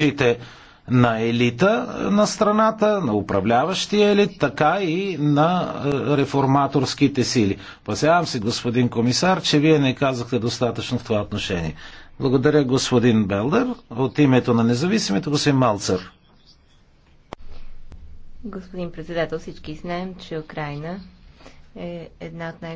случаите на елита на страната, на управляващия елит, така и на е, реформаторските сили. Пасявам се, господин комисар, че вие не казахте достатъчно в това отношение. Благодаря, господин Белдер. От името на независимите, господин Малцър. Господин председател, всички знаем, че Украина е една от най